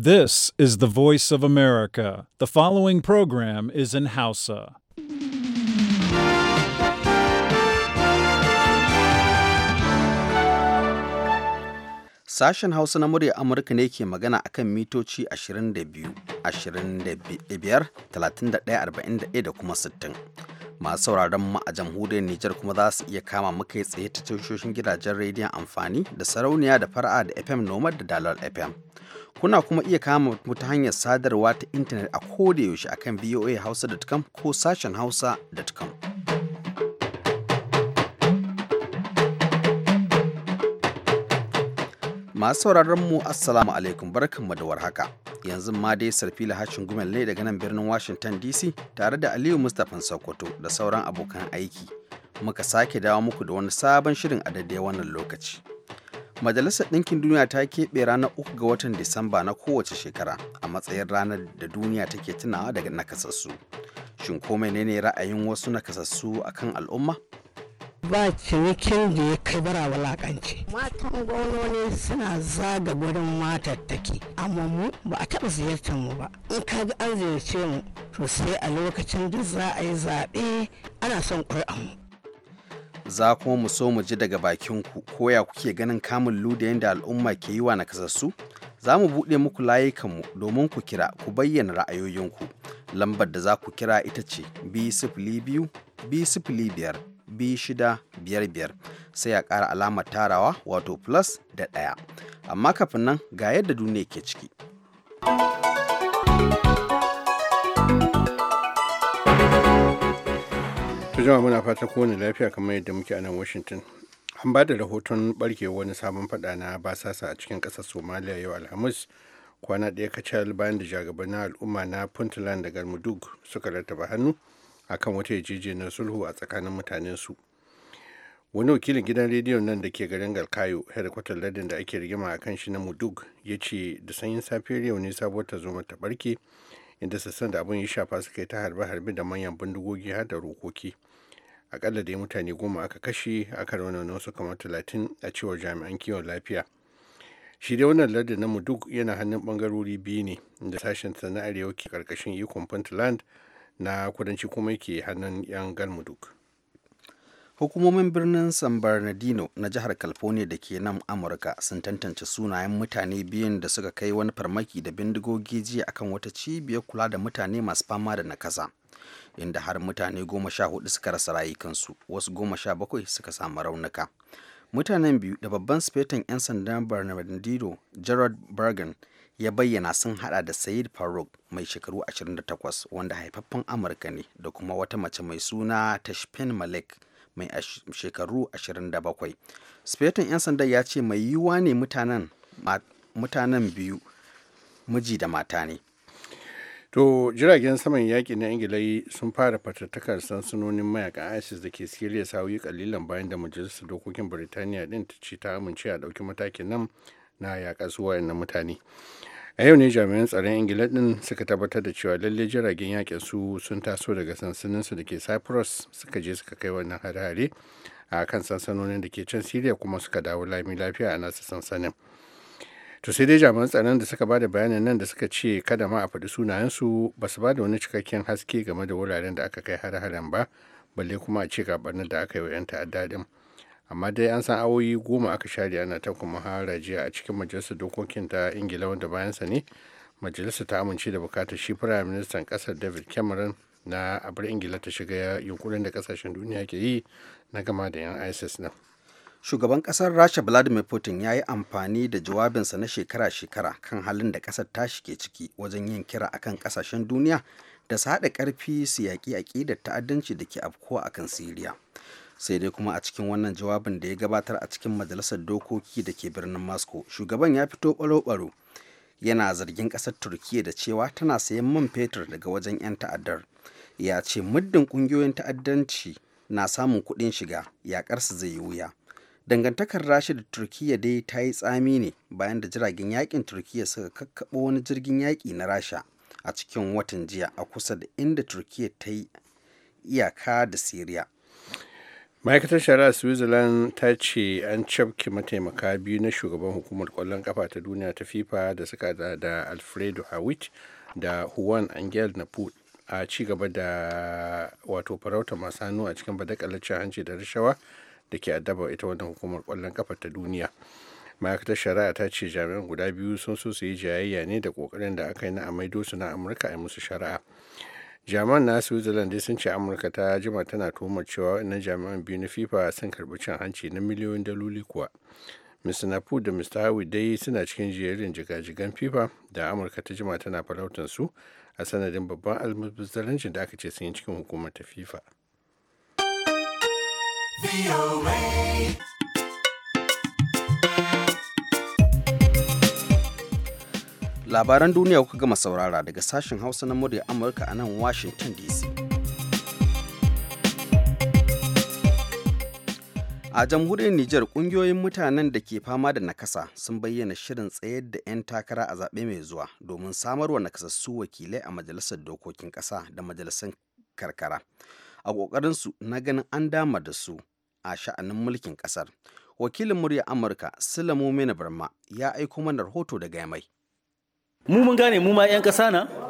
This is the voice of America. The following program is in Hausa. Sashen Hausa na murya Amurka ne ke magana a kan mitoci 22, 25, 31, da kuma 60. Masu sauraron mu a jamhuriyar Nijar kuma za su iya kama muka yi tsaye ta tushoshin gidajen rediyon amfani da sarauniya da fara'a da FM Nomad da dalar FM. Kuna kuma iya kama mu ta hanyar sadarwa ta intanet a koda yaushe akan voahausa.com ko sashen hausa.com. Masu sauraron mu Assalamu alaikum barkanmu da warhaka. Yanzu ma dai Sarfila Hashin Gumel ne daga nan birnin Washington DC tare da Aliyu Mustapha Sokoto da sauran abokan aiki. Muka sake dawo muku da wani sabon shirin a wannan lokaci. Majalisar Ɗinkin Duniya ta keɓe ranar uku ga watan Disamba na kowace shekara a matsayin ranar da duniya take tunawa daga nakasassu. Shin ko menene ra'ayin wasu nakasassu a kan al'umma? ba cinikin da ya kai bara wulakanci matan gwamnoni suna zaga gurin matattaki amma mu ba a taɓa ziyartar mu ba in ka ga an ziyarce mu to sai a lokacin da za a yi zaɓe ana son ƙuri'an mu za kuma mu so mu ji daga bakin ku koya kuke ganin kamun luda da al'umma ke yi wa nakasassu za mu buɗe muku layukanmu domin ku kira ku bayyana ra'ayoyinku lambar da za ku kira ita ce b biyar sai a ƙara alamar tarawa wato plus da ɗaya amma kafin nan ga yadda duniya ke ciki. to jama'a muna fata kowane lafiya kamar yadda muke a nan washington an ba da rahoton barke wani sabon fada na basasa a cikin ƙasar somaliya yau alhamis kwana ɗaya kacal bayan da jagabanni al'umma na puntland da garmudug suka rattaba hannu akan wata yarjejeniyar sulhu a tsakanin mutanen su wani wakilin gidan rediyon nan da ke garin galkayo hedikwatar ladin da ake rigima a kan shi na mudug ya ce da sanyin safiyar yau ne sabuwar ta zo mata barke inda sassan da abin ya shafa suka yi ta harbe-harbe da manyan bindigogi har da rokoki akalla dai mutane goma aka kashe aka raunana wasu kamar talatin a cewar jami'an kiwon lafiya shi dai wannan lardin na muduk yana hannun bangarori biyu ne da sashen na arewa ke karkashin ikon puntland na kudanci kuma yake hannun yan duk hukumomin birnin san bernardino na jihar california da ke nan amurka sun tantance sunayen mutane biyun da suka kai wani farmaki da bindigogi jiya akan wata cibiyar kula da mutane masu fama da nakasa inda har mutane goma sha hudu suka rasa rayukansu wasu goma sha bakwai suka samu raunuka mutanen biyu da babban sufetan 'yan sandan bernardino gerard bergen ya bayyana sun hada da said faruk mai shekaru 28 wanda haifaffen amurka ne da kuma wata mace mai suna tashpen malik mai shekaru 27 sufetan 'yan sandan ya ce mai yiwuwa ne mutanen biyu miji da mata ne to jiragen saman yaƙi na ingila sun fara fatattakar sansanonin mayakan isis da ke siriya sauyi kalilan bayan da majalisar dokokin birtaniya din ta ce ta amince a ɗauki matakin nan na yaƙa su wayannan mutane a yau ne jami'an tsaron ingila din suka tabbatar da cewa lallai jiragen yaƙin su sun taso daga sansaninsu da ke cyprus suka je suka kai wannan hare-hare a kan sansanonin da ke can siriya kuma suka dawo lami lafiya a nasu sansanin to sai dai jami'an tsaron da suka bada bayanan nan da suka ce kada ma a faɗi sunayen sunayensu ba su bada wani cikakken haske game da wuraren da aka kai har-haren ba balle kuma a ce gabanin da aka yi wa 'yan ta'adda din amma dai an san awoyi goma aka share ana ta kuma harajiya a cikin majalisar dokokin ta ingila wanda bayansa ne majalisar ta amince da bukatar shi firayim ministan kasar david cameron na abar ingila ta shiga yunkurin da kasashen duniya ke yi na gama da 'yan isis na. shugaban kasar rasha vladimir putin ya yi amfani da jawabinsa na shekara-shekara kan halin da kasar ta ke ciki wajen yin kira akan kasashen duniya da su haɗa ƙarfi su yaƙi aƙidar ta'addanci da ke afkuwa akan siriya sai dai kuma a cikin wannan jawabin da ya gabatar a cikin majalisar dokoki da ke birnin moscow shugaban ya fito ɓaro-ɓaro yana zargin ƙasar turkiyya da cewa tana sayan man fetur daga wajen 'yan ta'addar ya ce muddin ƙungiyoyin ta'addanci na samun kuɗin shiga yaƙar su zai yi wuya dangantakar rasha da turkiya dai ta yi tsami ne bayan da jiragen yakin turkiyya suka kakkaɓo wani jirgin yaƙi na rasha a cikin watan jiya a kusa da inda turkiyya ta yi iyaka da syria ma'aikatar shari'a switzerland ta ce an cafke mataimaka biyu na shugaban hukumar kwallon kafa ta duniya ta fifa da suka da, da alfredo hawit da juan angel naput a ci gaba da wato farauta masu hannu a cikin badakalar hanci da rashawa da ke addaba ita wannan hukumar kwallon kafa ta duniya ma'aikatar shari'a ta ce jami'an guda biyu sun so su yi jayayya ne da kokarin da aka yi na amaido su na amurka a musu shari'a jami'an na switzerland sun ce amurka ta jima tana tuhumar cewa na jami'an biyu na fifa sun karbi cin hanci na miliyoyin daloli kuwa mr napu da mr hawi dai suna cikin jerin jigajigan fifa da amurka ta jima tana farautar su a sanadin babban almubazzarancin da aka ce sun yi cikin hukumar ta fifa Labaran duniya kuka gama saurara daga sashen Hausa na murya Amurka a nan Washington DC. A jamhuriyar Nijar kungiyoyin mutanen da ke fama da nakasa sun bayyana shirin tsayar da 'yan takara a zaɓe mai zuwa domin samarwa nakasassu wakilai a majalisar dokokin ƙasa da majalisar karkara. a su na ganin an dama da su a sha'anin mulkin ƙasar. Wakilin murya Amurka Sulamu Mena Barma ya aiko mana rahoto daga Yamai. Mu mun gane mu ma 'yan ƙasa na?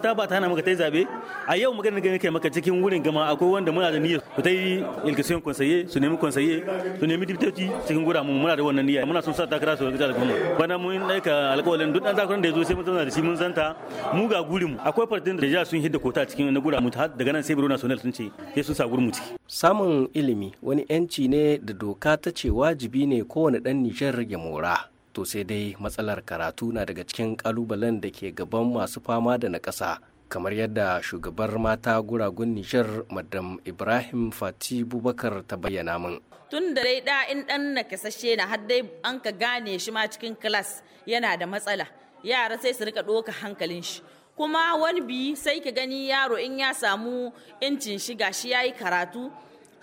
ta ba ta hana maka ta yi zaɓe a yau magana da kai maka cikin wurin gama akwai wanda muna da niyya su ta yi ilkisiyon konsaye su nemi konsaye su nemi dibitoci cikin gura mu muna da wannan niyya muna son sa takara su da kuma bana mun aika alƙawarin duk ɗan zakaran da ya zo sai mun zauna da shi mun zanta mu ga gurin akwai fartin da ja sun hidda kota cikin na gura mu har daga nan sai biro national sun ce sai sun sa gurin mu ciki samun ilimi wani yanci ne da doka ta ce wajibi ne kowane ɗan Nijar ya mora to sai dai matsalar karatu na daga cikin kalubalen da ke gaban masu fama da nakasa kamar yadda shugabar mata guragun nishar madam ibrahim fati bubakar ta bayyana min tun da dai da in dan nakasashe na har dai an ka gane shi ma cikin kilas yana da matsala yara sai su rika ɗoka hankalin shi kuma wani bi sai ka gani yaro in ya samu incin shiga shi yayi karatu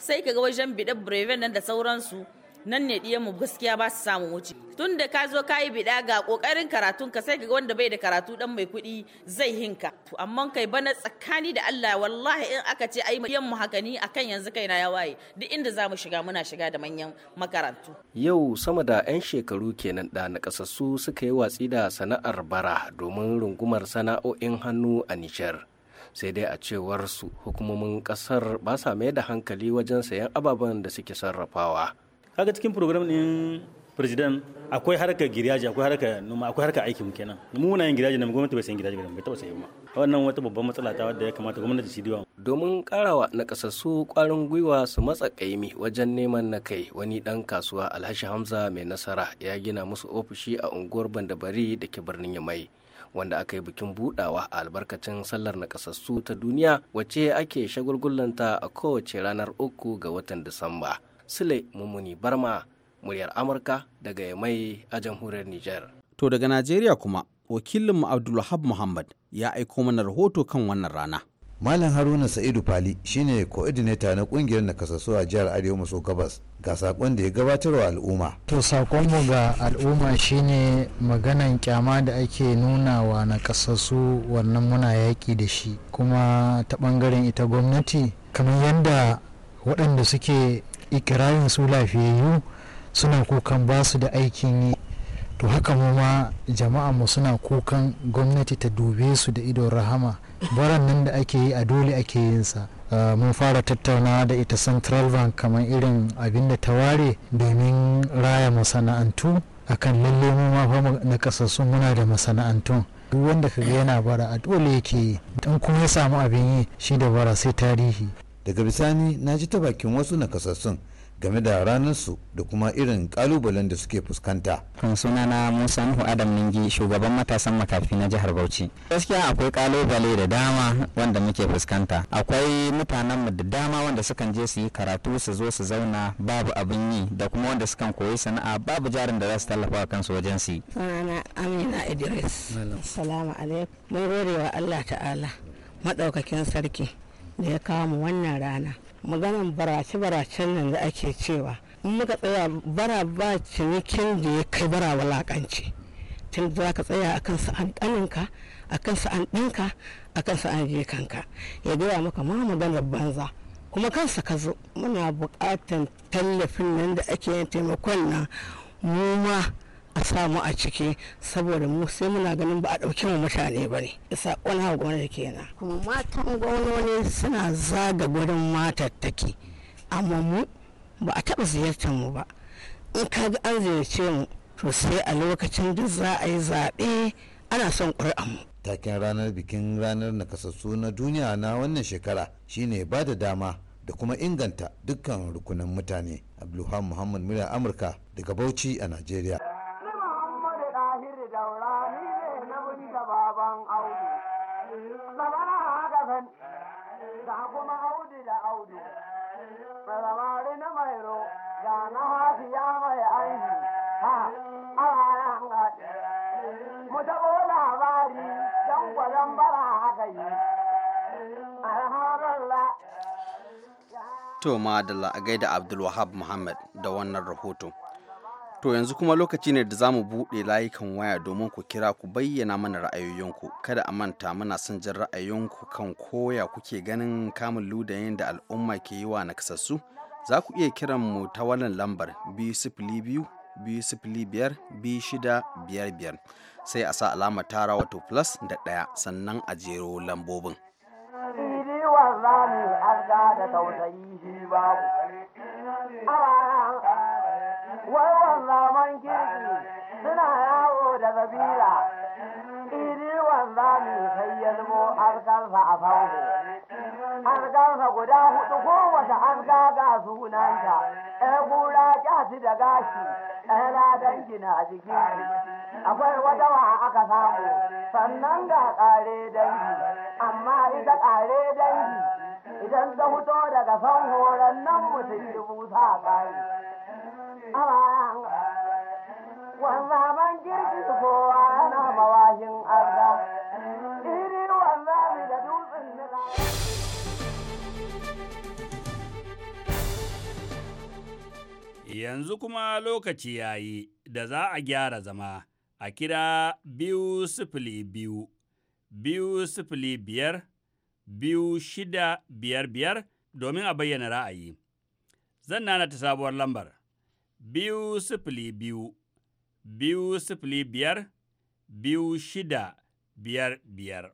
sai ka ga wajen biɗe breven nan da sauransu nan ne ɗiyan mu gaskiya ba su samu wuce tun da ka zo kayi biɗa ga ƙoƙarin karatun ka sai ga wanda bai da karatu dan mai kuɗi zai hinka amma kai bana tsakani da Allah wallahi in aka ce ai mu haka ni akan yanzu kai na ya waye duk inda zamu shiga muna shiga da manyan makarantu yau sama da 'yan shekaru kenan da na kasassu suka yi watsi da sana'ar bara domin rungumar sana'o'in hannu a Nijar sai dai a cewar su hukumomin kasar ba sa mai da hankali wajen sayan ababen da suke sarrafawa kaga cikin program din president akwai harka giriyaji akwai harka noma akwai harkar aikin kenan mu muna yin giriyaji na gwamnati bai san giriyaji ba bai taba sayi wannan wata babban matsala ta wadda ya kamata gwamnati su diwa domin karawa na kasassu kwarin gwiwa su matsa kaimi wajen neman na kai wani dan kasuwa alhashi Hamza mai nasara ya gina musu ofishi a unguwar Bandabari da ke birnin Yamai wanda aka yi bikin budawa a albarkacin sallar na kasassu ta duniya wacce ake shagulgullanta a kowace ranar uku ga watan Disamba. Sule Mummuni Barma, muryar Amurka daga Yamai a jamhuriyar Nijar. To daga Najeriya kuma, wakilinmu Abdulwahab Muhammad ya aiko mana rahoto kan wannan rana. Malam Haruna Sa'idu Fali shine coordinator na kungiyar nakasassu a jihar Arewa maso gabas ga sakon da ya gabatarwa al'umma. To sakonmu ga al'umma shine maganan kyama da ake nuna wa nakasassu wannan muna yaki da shi kuma ta ɓangaren ita gwamnati kamar yadda waɗanda suke ikirarin su lafiyayyu suna kukan ba su da aikin yi to haka mu ma jama'a mu suna kukan gwamnati ta dube su da idon rahama baran nan da ake yi a dole ake yin sa ah, mun fara tattauna da ita central bank kamar irin abin da ta ware domin raya masana'antu akan lalle mu ma fa na kasassu muna da masana'antu. duk wanda kaga yana bara a dole yake yi dan kuma ya samu abin yi shi da bara sai tarihi daga bisani na ji ta bakin wasu nakasassun game da ranarsu da kuma irin kalubalen da suke fuskanta. kan sunana musa nuhu adam ningi shugaban matasan makafi na jihar bauchi gaskiya akwai kalubale da dama wanda muke fuskanta akwai mutanenmu da dama wanda sukan je su yi karatu su zo su zauna babu abin yi da kuma wanda sukan koyi sana'a babu jarin da za su tallafa kansu wajen su sunana amina idris salamu alaikum mun wa allah ta'ala madaukakin sarki da ya kama wannan rana maganan barace-baracen nan da ake cewa in muka tsaya bara ba cinikin da ya kai bara walakanci tun za ka tsaya a kansa an a kansa an ɗinka a kansa an je ya gaya maka ma maganar banza kuma kansa ka zo muna bukatan tallafin nan da ake yin taimakon nan mu ma a samu a ciki saboda mu sai muna ganin ba a ɗauki mu mutane ba ne isa wani hawa gwamnati kenan kuma matan gwamnoni suna zaga gurin matattaki amma mu ba a taɓa ziyartar mu ba in ka ga an ziyarce mu to sai a lokacin da za a yi zaɓe ana son ƙuri'an mu taken ranar bikin ranar nakasassu na duniya na wannan shekara shine ba da dama da kuma inganta dukkan rukunan mutane abdulhamu muhammad murya amurka daga bauchi a najeriya To madalla a gaida Abdulwahab Muhammad da wannan rahoto. To yanzu kuma lokaci ne da za mu buɗe layukan waya domin ku kira ku bayyana mana ra'ayoyinku. Kada a manta muna son jin ra'ayoyinku kan koya kuke ganin kamun ludayen da al'umma ke yi wa nakasassu. Za ku iya kiran mu ta wannan lambar biyu sifili biyu biyu sifili biyar biyu shida biyar biyar sai a sa alamar tara wato plus da ɗaya sannan a jero lambobin. kula da tausayi ah, babu kirki suna yawo da zabira iri wanzami sai ya zubo alkalfa a fango alkalfa guda hudu kowace an ga sunanta ɗaya gura kyasi da gashi ɗaya ladan gina jiki akwai wata wa aka samu sannan ga ƙare dangi amma ita kare dangi idan ta fito daga san horon nan mutum dubu sa ƙari wanda ban girki kowa yana mawashin arda iri wanda da dutsen nika Yanzu kuma lokaci ya yi da za a gyara zama a kira biyu sifili biyu, biyu sifili biyar biyu shida biyar biyar domin a bayyana ra'ayi. Zan nana ta sabuwar lambar biyu sifili biyu, biyu sifili biyar, biyu shida biyar biyar.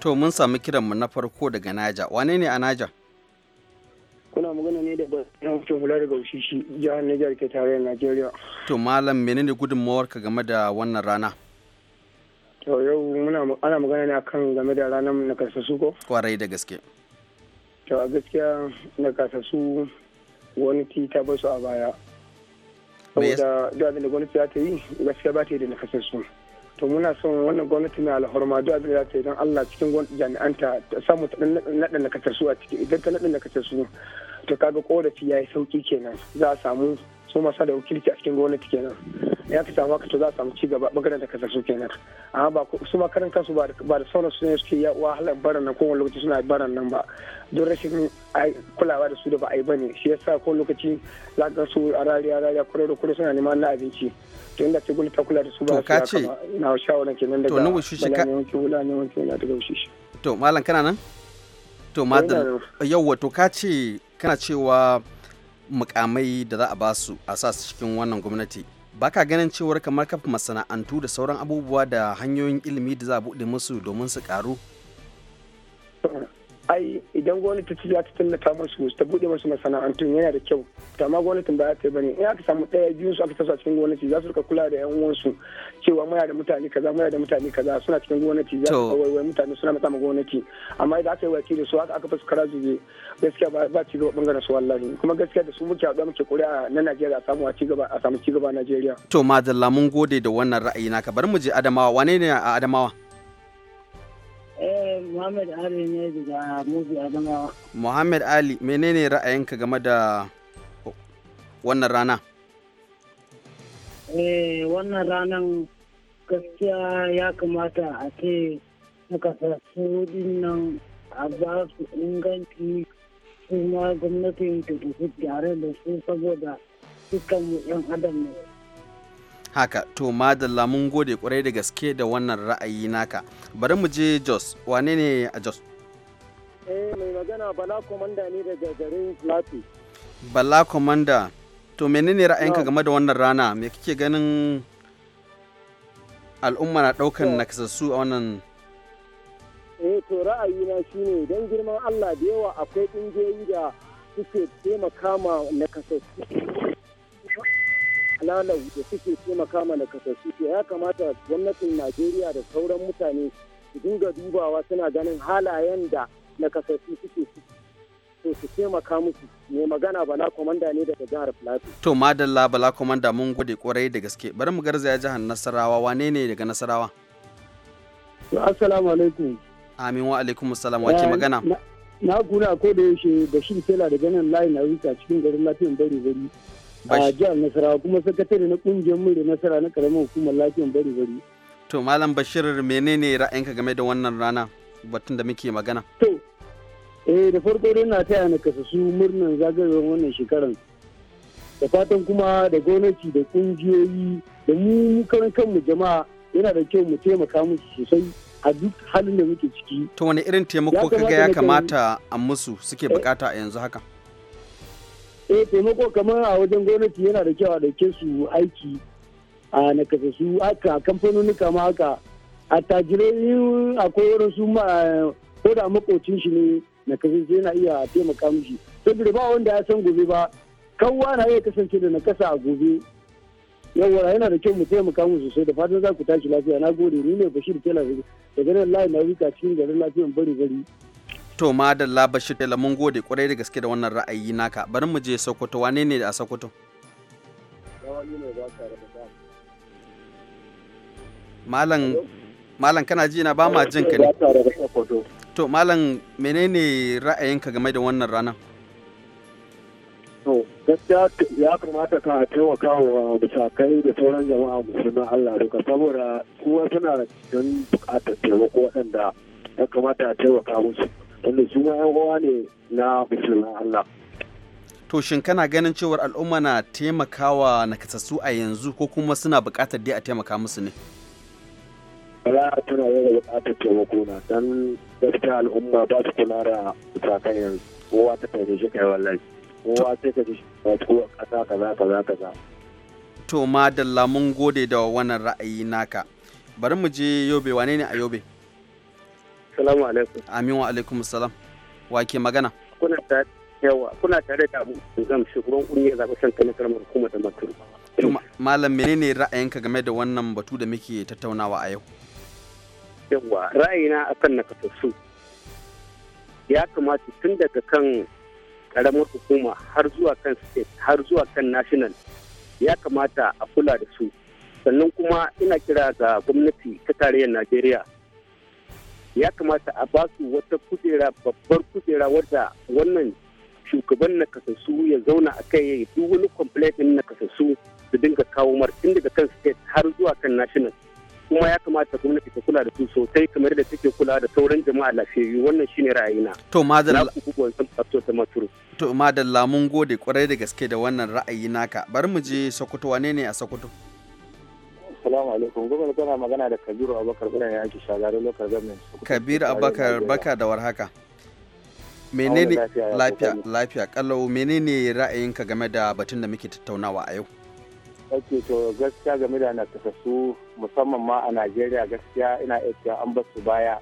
To mun sami kiranmu na farko daga Naja, wane ne a Naja? Kuna magana ne da bayan kula daga Ushishi, jihar Nijar ke tare tarayyar Najeriya. To malam menene gudunmawarka game da wannan rana? to yau muna ana magana ne akan game da ranar nakasassu ko kwarai da gaske to a gaskiya wani gwamnati ta basu a baya saboda duk da gwamnati za ta yi gaskiya ba ta yi da nakasassu to muna son wannan gwamnati mai alhorma duk abin da ta yi don Allah cikin jami'an ta samu ta naɗa nakasassu a ciki idan ta naɗa nakasassu to kaga korafi ya yi sauki kenan za a samu su masa da wakilci a cikin gwamnati kenan ya fi samu haka to za a samu cigaba bangaren da kasar su kenan amma ba su ma kansu ba da sauran su ne suke ya wahala barin baran nan kowane lokaci suna baran nan ba don rashin kulawa da su da ba a yi bane shi ya sa kowane lokaci za ka su a rariya rariya kure da kure suna neman na abinci to inda ce gulta kula da su ba su ya na shawarar kenan daga bala ne wanke wula wani wani wula daga wushishi. to malam kana nan to madal yawwa to ka ce kana cewa mukamai da za a basu a sa su cikin wannan gwamnati baka ganin cewar kamar kafa masana'antu da sauran abubuwa da hanyoyin ilimi da za a buɗe musu domin su ƙaru ai idan gwamnati ta za ta tallata musu ta bude musu masana'antu yana da kyau to amma gwamnatin ba ta bane in aka samu daya biyu su aka tasa cikin gwamnati za su rika kula da yan uwansu cewa muna da mutane kaza muna da mutane kaza suna cikin gwamnati za su wai mutane suna matsa ma gwamnati amma idan aka yi waki da su aka aka kara zube gaskiya ba ci gaba bangaren su wallahi kuma gaskiya da su muke haɗuwa muke kuri'a na Najeriya a samu a ci gaba a samu ci gaba a Najeriya to madalla mun gode da wannan ra'ayi naka bari mu je Adamawa wane ne a Adamawa Muhammad Ali ne daga Mubi Adamawa. Muhammad Ali, menene ra'ayinka game da wannan rana? Eh, wannan ranar gaskiya ya kamata a ce nakasassu nan a ba su inganci kuma gwamnatin da tafi tare da su saboda dukkan mu 'yan adam ne. haka to madalla mun gode kwarai da gaske da wannan ra'ayi naka bari mu je jos wane ne a jos eh mai magana bala komanda ne daga garin lafi bala komanda to menene ra'ayinka game da wannan rana me kake ganin al'umma na daukan nakasassu a wannan eh to shi shine don girman allah da yawa akwai ƙungiyoyi da suke taimaka ma nakasassu halalau da suke taimaka mana kasassu ya kamata gwamnatin najeriya da sauran mutane su dinga dubawa suna ganin halayen da nakasassu suke to su taimaka musu mai magana bala komanda ne daga jihar plateau to madalla bala komanda mun gode kwarai da gaske bari mu garzaya jihar nasarawa wane ne daga nasarawa assalamu alaikum amin wa alaikum assalam wa ke magana na kuna ko da yaushe bashir tela da ganin layin na cikin garin lafiyan bari bari a jihar nasarawa kuma sakatare na kungiyar murya nasara na karamin hukumar lafiyan bari bari to malam bashir menene ra'ayinka game da wannan rana batun da muke magana to eh da farko dai na taya na kasasu murnan zagayowar wannan shekaran da fatan kuma da gwamnati da kungiyoyi da mu karan kanmu jama'a yana da kyau mu taimaka musu sosai a duk halin da muke ciki to wani irin taimako kaga ya kamata a musu suke bukata a yanzu haka eh taimako kamar a wajen gwamnati yana da kyau a dauke su aiki a su aka kamfanoni kama haka a tajirai akwai wurin su ko da makocin shi ne nakasassu yana iya taimaka mishi saboda ba wanda ya san gobe ba kawwa na iya kasance da nakasa a gobe yawwa yana da kyau mu taimaka mu sosai da fatan za ku tashi lafiya na gode ni ne bashir tela daga nan layi na wika cikin garin lafiyan bari bari To madalla Bashir Tela mun gode kwarai da gaske da wannan ra'ayi naka. Bari mu je Sokoto wane ne a Sokoto? Malam Malam kana ji na ba ma jin ka ne. To malam menene ra'ayinka game da wannan ranar? gaskiya ya kamata ka taimaka wa bisakai da sauran jama'a musulman Allah duka saboda kuma suna don bukatar taimako waɗanda ya kamata a taimaka musu. wanda su ma yan uwa ne na musulman Allah to shin kana ganin cewar al'umma na taimakawa nakasassu a yanzu ko kuma suna buƙatar dai a taimaka musu ne ba tana da buƙatar taimako na don gaskiya al'umma ba su kula da sakan yanzu kowa ta kai shi kai wallahi kowa sai ka ji kowa kaza kaza kaza kaza to madalla mun gode da wannan ra'ayi naka bari mu je yobe wane ne a yobe Assalamu alaikum. Amin wa alaikum Wa ke magana? Kuna tare yawa kuna tare da Abu zan shugaban kungiyar zaɓen shan kan karamar hukumar da Maturu. Malam menene ra'ayinka game da wannan batu da muke tattaunawa a yau? Yawa ra'ayina akan nakasassu. Ya kamata tun daga kan karamar hukuma har zuwa kan state har zuwa kan national ya kamata a kula da su sannan kuma ina kira ga gwamnati ta tarayyar najeriya ya kamata a ba su wata kujera babbar kujera wadda wannan shugaban na nakasassu ya zauna a kai yayi duk wani complaint na nakasassu su dinga kawo martin daga kan state har zuwa kan national kuma ya kamata gwamnati ta kula da su sosai kamar da take kula da sauran jama'a lafiyayyu wannan shine ra'ayina to madalla to madalla mun gode kwarai da gaske da wannan ra'ayi naka bari mu je Sokoto wane ne a Sokoto Assalamu alaikum. Gwamnati tana magana da Kabiru Abubakar Bula ya ake shagarin local government. Kabiru Abubakar baka da warhaka. Menene lafiya lafiya kallau menene ra'ayinka game da batun da muke tattaunawa a yau? Ake to gaskiya game da nakasassu musamman ma a Najeriya gaskiya ina iya an basu baya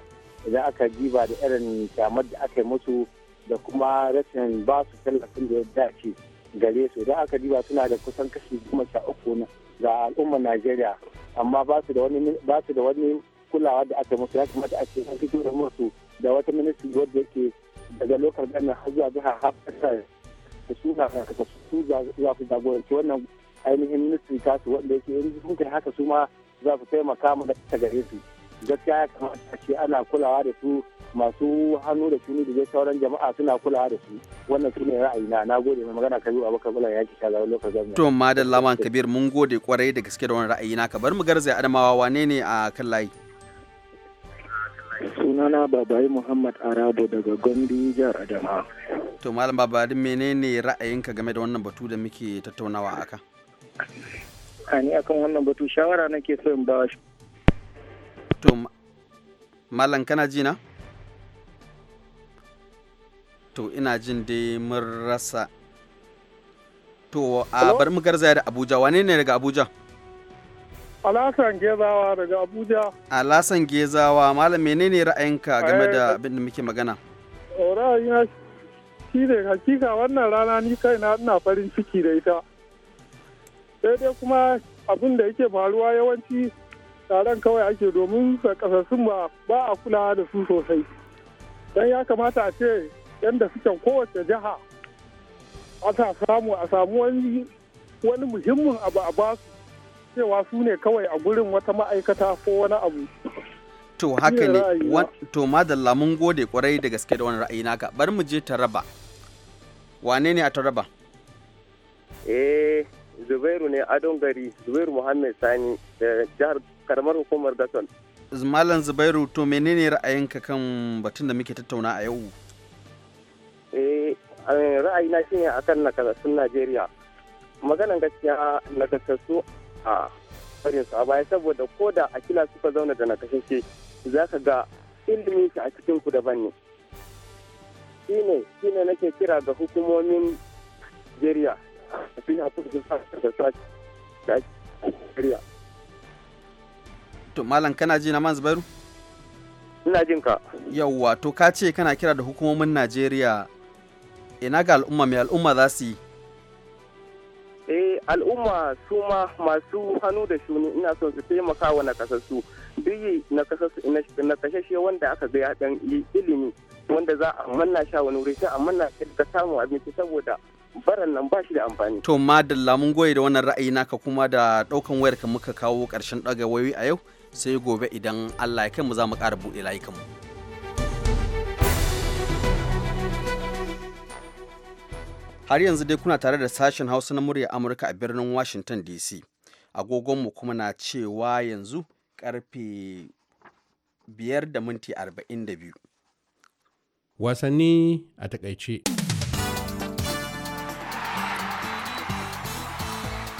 idan aka jiba da irin kyamar da aka yi musu da kuma rashin ba su tallafin da ya dace gare su idan aka jiba suna da kusan kashi goma sha uku ga al'ummar najeriya amma ba su da wani ba su da wani kulawa da aka musu ya kamata a ce an kike da musu da wata ministry wadda yake daga lokar ganin har zuwa jiha har da su na karkata su za su jagoranci wannan ainihin ministry su wanda yake yanzu sun haka su ma za su taimaka mu da ta gare su gaskiya ya kamata a ce ana kulawa da su masu hannu da shuni da dai sauran jama'a suna kula da su wannan su ne ra'ayina na gode mai magana kabiru abubakar bula ya ki shagara lokacin gwamnati. to madan laman kabir mun gode kwarai da gaske da wani ra'ayina ka bar mu garzaya adamawa wane ne a kan layi. sunana babayi muhammad arabo daga gombe jihar adamawa. to malam babayi menene ra'ayinka game da wannan batu da muke tattaunawa a kan. a ni akan wannan batu shawara nake so in ba to malam kana ji na? to ina jin dai mun rasa to a bar mu garzaya da abuja wane ne daga abuja alasan gezawa daga abuja alasan gezawa malam menene ra'ayinka game da eh, abin da muke magana ra'ayina shi ne hakika wannan rana ni kaina ina farin ciki da ita sai dai kuma abin da yake faruwa yawanci taron kawai ake domin kasassun ba a kula da su sosai don ya kamata a ce yadda suke kowace jiha ta samu a samu wani wani muhimmin abu a basu cewa su ne kawai a gurin wata ma'aikata ko wani abu to haka ne to madalla mun gode kwarai da gaske da wani ra'ayi naka bari mu je taraba wane ne a taraba eh zubairu ne adon gari zubairu muhammed sani da jihar karamar hukumar gasol malam zubairu to menene ra'ayinka kan batun da muke tattauna a yau Eh, eh ra'ayina shine akan nakasassun Najeriya maganan gaskiya nakasassu a farin su a baya saboda ko da a kila suka zauna da nakasashe za ka ga ilimin shi a cikin ku daban ne shine shine nake kira ga hukumomin Najeriya a cikin hakuri da sa da Najeriya to malam kana ji na manzbaru ina jin ka yawwa to ka ce kana kira da hukumomin Najeriya ina ga al'umma mai al'umma za su yi eh al'umma su ma masu hannu da shuni ina son su taimaka wa nakasassu duk nakasashe wanda aka ga ya ilimi wanda za a manna sha wani wuri sai a manna shi ka samu abinci saboda baran nan ba shi da amfani to madalla mun goye da wannan ra'ayi naka kuma da ɗaukan wayar ka muka kawo karshen daga wayoyi a yau sai gobe idan Allah ya kai mu za mu ƙara buɗe layukan mu har yanzu dai kuna tare da sashen hausa na murya amurka a birnin washington dc agogonmu kuma na cewa yanzu karfe 5.42. wasanni a takaice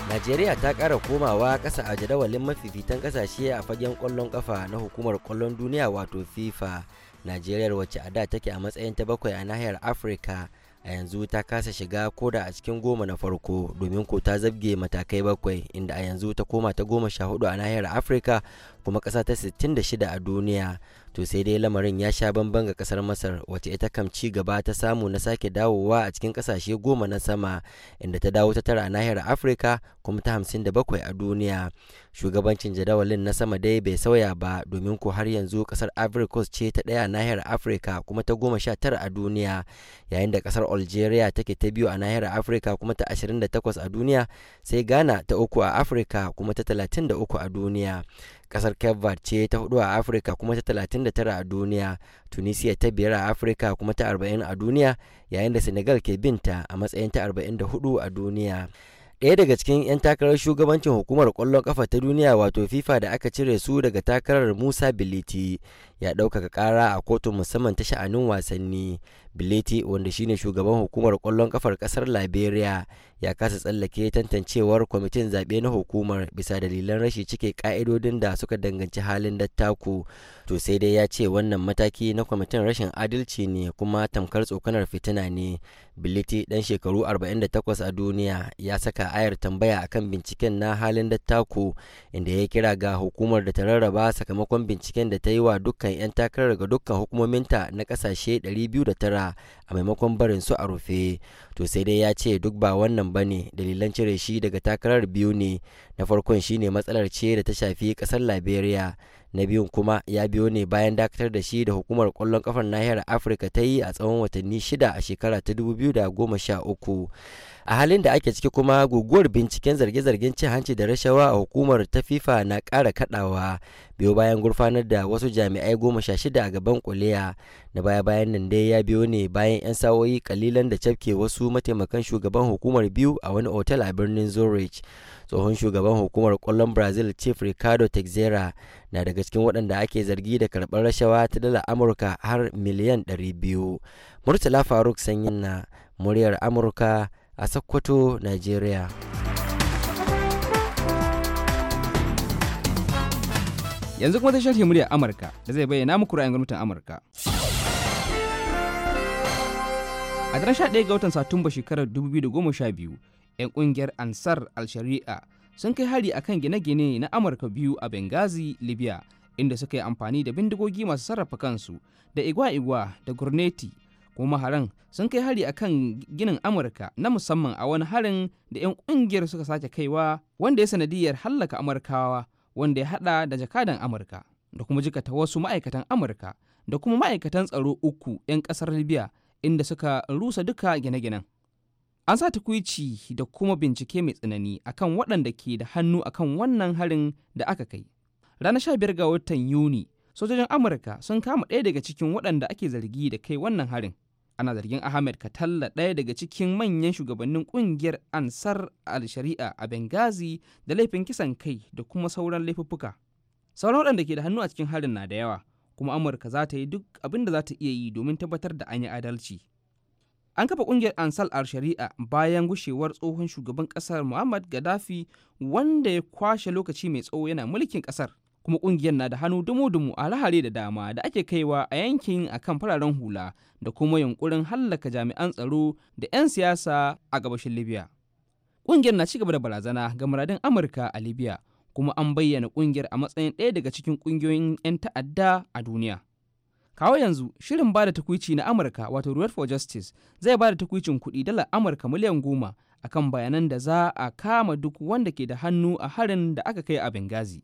Najeriya ta ƙara komawa ƙasa a jadawalin mafifitan ƙasashe a fagen kwallon ƙafa na hukumar ƙwallon duniya wato FIFA. Najeriya wacce a da take a matsayin ta bakwai a nahiyar Afirka a yanzu ta kasa shiga koda a cikin goma na farko domin ko ta zabge matakai bakwai inda a yanzu ta koma ta goma sha hudu a nahiyar afirka kuma ƙasa ta 66 a duniya to sai dai lamarin ya sha bamban ga ƙasar masar wacce ita kam ci gaba ta samu na sake dawowa a cikin ƙasashe goma na sama inda ta dawo ta tara a nahiyar afirka kuma ta 57 a duniya shugabancin jadawalin na sama dai bai sauya ba domin ko har yanzu ƙasar ivory coast ce ta ɗaya a nahiyar afirka kuma ta goma sha tara a duniya yayin da ƙasar algeria take ta biyu a nahiyar afirka kuma ta 28 a duniya sai ghana ta uku a afirka kuma ta 33 a duniya kasar cape ce ta hudu a afirka kuma ta 39 a duniya tunisia ta biyar a afirka kuma ta 40 a duniya yayin da senegal ke binta a matsayin ta 44 a duniya ɗaya daga cikin 'yan takarar shugabancin hukumar kwallon ƙafa ta duniya wato fifa da aka cire su daga takarar musa biliti ya ɗaukaka ƙara a kotun musamman ta sha'anin wasanni bileti wanda shine shugaban hukumar kwallon kafar ƙasar liberia ya kasa tsallake tantancewar kwamitin zaɓe na hukumar bisa dalilan rashi cike ka'idodin da suka danganci halin dattaku to sai dai ya ce wannan mataki na kwamitin rashin adalci ne kuma tamkar tsokanar fitina ne bileti ɗan shekaru 48 a duniya ya saka ayar tambaya akan binciken na halin dattaku inda ya kira ga hukumar da ta rarraba sakamakon binciken da ta yi wa dukkan ɗaukan 'yan takarar ga dukkan hukumominta na kasashe 209 a maimakon barin su a rufe to sai dai ya ce duk ba wannan ba ne dalilan cire shi daga takarar biyu ne na farkon shine matsalar ce da ta shafi kasar liberia na biyun kuma ya biyo ne bayan dakatar da shi da hukumar kwallon kafar nahiyar afirka ta yi a tsawon watanni shida a shekara ta 2013 a halin da ake ciki kuma guguwar binciken zarge-zargen cin hanci da rashawa a hukumar ta fifa na kara kadawa biyo bayan gurfanar da wasu jami'ai goma sha shida a gaban kuliya na baya bayan nan dai ya biyo ne bayan 'yan sawoyi kalilan da cafke wasu mataimakan shugaban hukumar biyu a wani otal a birnin zurich tsohon shugaban hukumar kwallon brazil chief ricardo texera na daga cikin waɗanda ake zargi da karɓar rashawa ta dala amurka har miliyan 200 murtala faruk sanyin na muryar amurka a Sokoto, Nigeria. Yanzu kuma ta muryar Amurka da zai bayyana muku ra'ayin gwamnatin Amurka. A daren 11 ga watan Satumba shekarar 2012, 'yan ƙungiyar Ansar al-Shari'a sun kai hari a kan gine-gine na Amurka biyu a Benghazi, Libya, inda suka yi amfani da bindigogi masu sarrafa kansu da igwa-igwa da gurneti kuma maharan sun kai hari akan ginin amurka na musamman a wani harin da 'yan kungiyar suka sake kaiwa wanda ya sanadiyar hallaka amurkawa wanda ya hada da jakadan amurka da kuma jikata wasu ma'aikatan amurka da kuma ma'aikatan tsaro uku 'yan kasar libya inda suka rusa duka gine-ginen an sa takwici da kuma bincike mai tsanani akan waɗanda ke da hannu akan wannan harin da aka kai ranar biyar ga watan yuni sojojin amurka sun kama ɗaya daga cikin waɗanda ake zargi da kai wannan harin ana zargin ahmed katalla ɗaya daga cikin manyan shugabannin ƙungiyar ansar al-shari'a a benghazi da laifin kisan kai da kuma sauran laifuffuka sauran waɗanda ke da hannu a cikin harin na da yawa kuma amurka za ta yi duk abin da za ta iya yi domin tabbatar da an yi adalci an kafa ƙungiyar ansar al-shari'a bayan gushewar tsohon shugaban ƙasar muhammad gaddafi wanda ya kwashe lokaci mai tsawo yana mulkin ƙasar kuma kungiyar na da hannu dumu-dumu a lahare da dama da ake kaiwa a yankin akan fararen hula da kuma yunkurin hallaka jami'an tsaro da 'yan siyasa a gabashin libya kungiyar na cigaba da barazana ga muradin amurka a libya kuma an bayyana kungiyar a matsayin ɗaya daga cikin kungiyoyin 'yan ta'adda a duniya kawo yanzu shirin bada takwici na amurka wato red for justice zai bada takwicin kuɗi dala amurka miliyan goma akan bayanan da za a kama duk wanda ke da hannu a harin da aka kai a bengazi.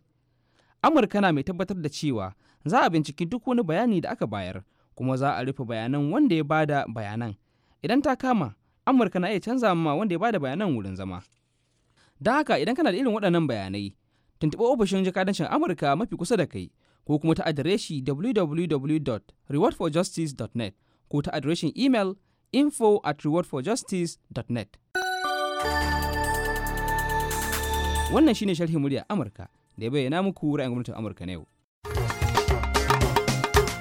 amurka na mai tabbatar da cewa za a binciki duk wani bayani da aka bayar kuma za a rufe bayanan wanda ya bada bayanan idan ta kama amurka na iya canza ma wanda ya bada bayanan wurin zama don haka idan kana da irin waɗannan bayanai tuntuɓi ofishin jakadancin amurka mafi kusa da kai ko kuma ta adireshi www.rewardforjustice.net ko ta adireshin email info at rewardforjustice.net wannan shine sharhin murya amurka da ya bayyana muku ra'ayin gwamnatin Amurka na yau.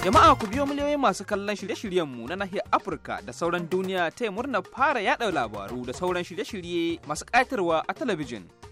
Jama'a ku biyo miliyoyin masu kallon shirye-shiryenmu na nahiyar Afirka da sauran duniya ta yi murnar fara yaɗa labaru da sauran shirye-shirye masu ƙayatarwa a talabijin.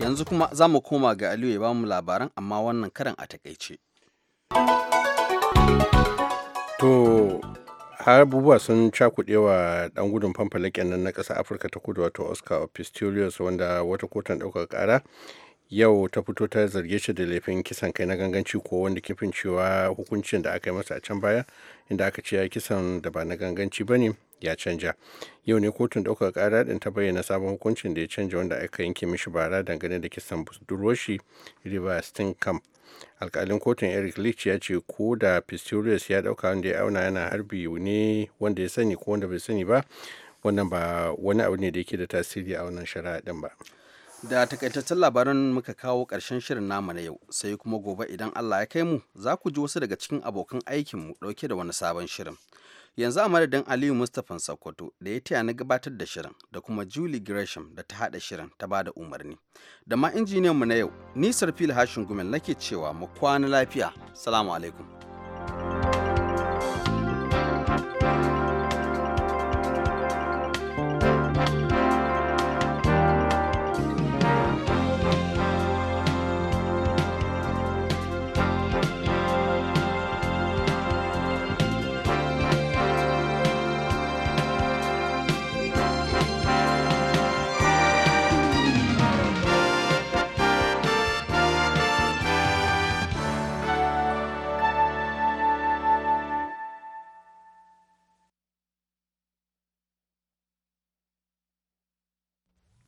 yanzu kuma za mu koma ga aliyu ya ba mu labaran amma wannan karan a takaice to har abubuwa sun cakuɗewa ɗan gudun fanfalaken nan na ƙasa afirka ta kudu wato oscar pistorius wanda wata kotan ɗaukar ƙara yau ta fito ta zarge shi da laifin kisan kai na ganganci ko wanda kifin cewa hukuncin da aka yi masa a can baya inda aka ce ya kisan da ba na ganganci ba ne ya canja yau ne kotun ɗaukar ƙara ɗin ta bayyana sabon hukuncin da ya canja wanda aka yanke mishi bara dangane da kisan budurwashi river steenkamp alkalin kotun eric leach ya ce ko da pistorius ya ɗauka wanda ya auna yana harbi ne wanda ya sani ko wanda bai sani ba wannan ba wani abu ne da yake da tasiri a wannan shari'a ɗin ba da takaitaccen labaran muka kawo ƙarshen shirin namu na yau sai kuma gobe idan allah ya kai mu za ku ji wasu daga cikin abokan aikinmu ɗauke da wani sabon shirin yanzu a madadin aliyu mustapha sokoto da ya taya na gabatar da shirin da kuma julie gresham da ta hada shirin ta ba da umarni da ma injiniyan mu na yau nisar fil hashin gumel nake cewa mu kwana lafiya salamu alaikum